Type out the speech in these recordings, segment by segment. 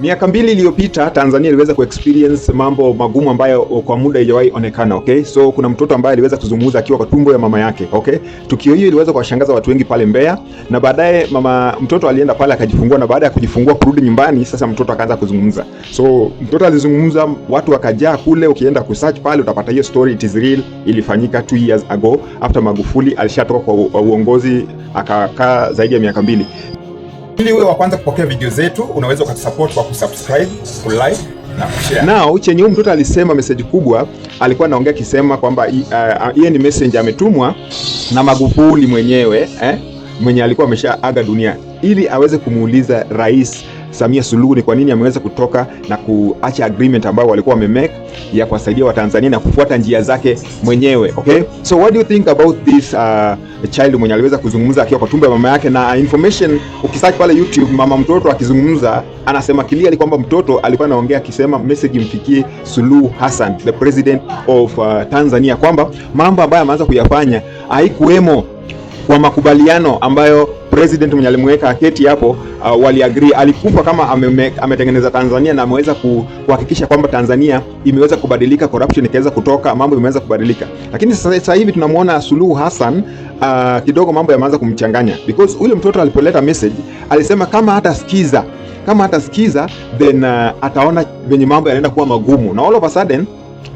Miaka mbili iliyopita Tanzania iliweza kuexperience mambo magumu ambayo kwa muda haijawahi onekana, okay? So kuna mtoto ambaye aliweza kuzungumza akiwa kwa tumbo ya mama yake, okay? Tukio hiyo iliweza kuwashangaza watu wengi pale Mbeya, na baadaye mama mtoto alienda pale akajifungua, na baada ya kujifungua kurudi nyumbani, sasa mtoto akaanza kuzungumza. So mtoto alizungumza, watu wakajaa kule. Ukienda kusearch pale utapata hiyo story, it is real, ilifanyika 2 years ago after Magufuli alishatoka kwa uongozi akakaa zaidi ya miaka mbili. Ili uwe wa kwanza kupokea video zetu, unaweza ukatusupport kwa kusubscribe, kulike na kushare. Nao chenye huyu mtoto alisema message kubwa, alikuwa anaongea akisema kwamba yeye uh, ni message ametumwa na Magufuli mwenyewe eh, mwenye alikuwa ameshaaga dunia ili aweze kumuuliza rais Samia Suluhu ni kwa nini ameweza kutoka na kuacha agreement ambayo walikuwa wamemake ya kuwasaidia Watanzania na kufuata njia zake mwenyewe. Okay, so what do you think about this uh, child mwenye aliweza kuzungumza akiwa kwa tumbo ya mama yake, na information ukisearch pale YouTube, mama mtoto akizungumza anasema clearly kwamba mtoto alikuwa anaongea akisema message mfikie Suluhu Hassan the president of uh, Tanzania kwamba mambo ambayo ameanza kuyafanya haikuwemo kwa makubaliano ambayo president mwenye alimweka keti hapo uh, waliagree alikufa kama ametengeneza Tanzania na ameweza kuhakikisha kwamba Tanzania imeweza kubadilika, corruption ikaweza kutoka, mambo imeweza kubadilika. Lakini sasa hivi tunamwona Suluhu Hassan uh, kidogo mambo yameanza kumchanganya because ule mtoto alipoleta message alisema kama hata sikiza kama hata sikiza then uh, ataona venye mambo yanaenda kuwa magumu na all of a sudden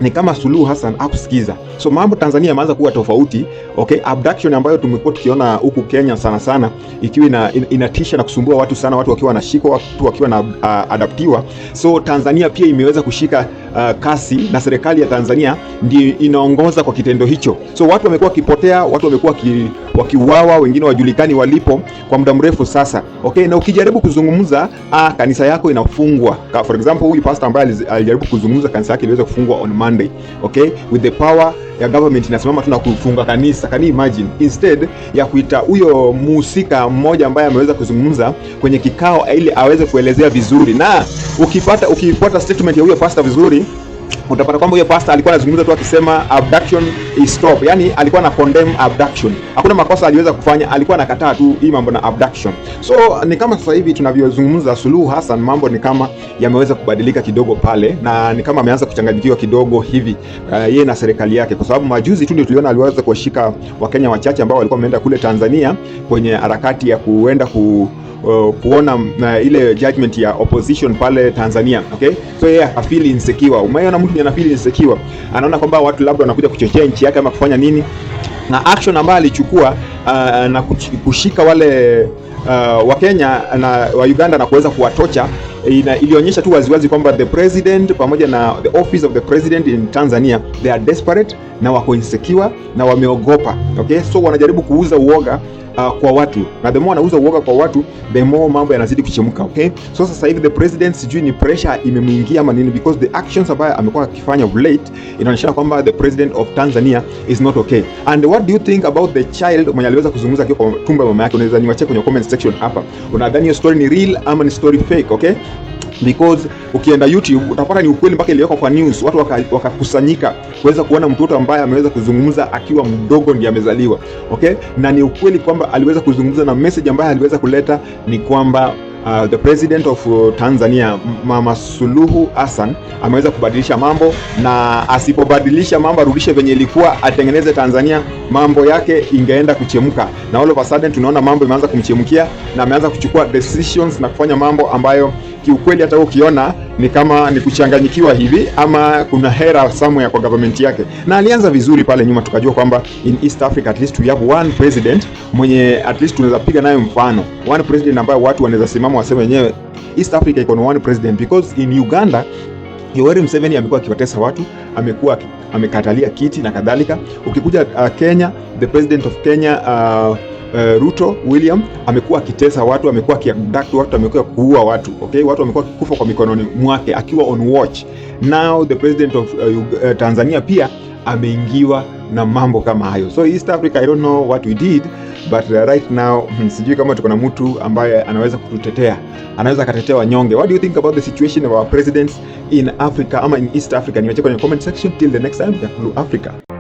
ni kama Suluhu Hassan akusikiza. So mambo Tanzania yameanza kuwa tofauti okay. Abduction ambayo tumekuwa tukiona huku Kenya sana sana ikiwa ina, inatisha na kusumbua watu sana, watu wakiwa wanashikwa, watu wakiwa na uh, adaptiwa. So Tanzania pia imeweza kushika uh, kasi na serikali ya Tanzania ndio inaongoza kwa kitendo hicho. So watu wamekuwa wakipotea, watu wamekuwa wakiuawa, wengine wajulikani walipo kwa muda mrefu sasa okay. Na ukijaribu kuzungumza ah, kanisa yako inafungwa. For example, huyu pastor ambaye alijaribu kuzungumza kanisa yake iliweza kufungwa on on Monday okay, with the power ya government inasimama tu na kufunga kanisa. Can you imagine? Instead ya kuita huyo muhusika mmoja ambaye ameweza kuzungumza kwenye kikao ili aweze kuelezea vizuri, na ukipata ukipata statement ya huyo pastor vizuri utapata kwamba huyo pastor alikuwa anazungumza tu akisema abduction is stop, yani alikuwa na condemn abduction. Hakuna makosa aliweza kufanya, alikuwa anakataa tu hii mambo na abduction. So ni kama sasa hivi tunavyozungumza, Suluhu Hassan mambo ni kama yameweza kubadilika kidogo pale, na ni kama ameanza kuchanganyikiwa kidogo hivi uh, yeye na serikali yake, kwa sababu majuzi tu ndio tuliona aliweza kuwashika Wakenya wachache ambao walikuwa wameenda kule Tanzania kwenye harakati ya kuenda ku Uh, kuona uh, ile judgment ya opposition pale Tanzania, okay, so yeye yeah, afili insecure. Umeona mtu mia na pili anaona kwamba watu labda wanakuja kuchochea nchi yake ama kufanya nini, na action ambayo alichukua uh, na kushika wale uh, wa Kenya na wa Uganda na kuweza kuwatocha ilionyesha tu waziwazi kwamba the president pamoja na the office of the president in Tanzania they are desperate na wako insecure na wameogopa. Okay, so wanajaribu kuuza uoga uh, kwa watu na the more anauza uoga kwa watu the more mambo yanazidi kuchemka, okay? So sasa hivi the president sijui ni pressure imemuingia ama nini, because the actions ambayo amekuwa akifanya of late inaonyesha kwamba the president of Tanzania is not okay. And what do you think about the child mwenye aliweza kuzungumza kwa tumbo ya mama yake? Unaweza niwache kwenye comment section hapa. Unadhani hiyo story ni real ama ni story fake, okay? because ukienda YouTube utapata ni ukweli mpaka iliwekwa kwa news, watu wakakusanyika waka kuweza kuona mtoto ambaye ameweza kuzungumza akiwa mdogo ndiye amezaliwa. Okay, na ni ukweli kwamba aliweza kuzungumza na message ambayo aliweza kuleta ni kwamba Uh, the president of uh, Tanzania Mama Suluhu Hassan ameweza kubadilisha mambo, na asipobadilisha mambo arudishe venye ilikuwa, atengeneze Tanzania mambo yake ingeenda kuchemka, na all of a sudden tunaona mambo imeanza kumchemkia na ameanza kuchukua decisions na kufanya mambo ambayo kiukweli hata ukiona ni kama ni kuchanganyikiwa hivi ama kuna hera somewhere kwa government yake. Na alianza vizuri pale nyuma, tukajua kwamba in East Africa at least we have one president mwenye at least tunaweza piga naye mfano, one president ambaye watu wanaweza simama waseme wenyewe East Africa iko na one president because in Uganda Yoweri Museveni amekuwa akiwatesa watu, amekuwa amekatalia kiti na kadhalika. Ukikuja uh, Kenya, the president of Kenya uh, uh, Ruto William amekuwa akitesa watu, amekuwa akiabduct watu, amekuwa kuua watu okay? Watu wamekuwa kufa kwa mikononi mwake akiwa on watch. Now the president of uh, uh, Tanzania pia ameingiwa na mambo kama hayo, so East Africa I don't know what we did but uh, right now hmm, sijui kama tuko na mtu ambaye anaweza kututetea, anaweza akatetea wanyonge. What do you think about the situation of our presidents in Africa ama in East Africa? Niwache kwenye comment section. Till the next time ya Africa.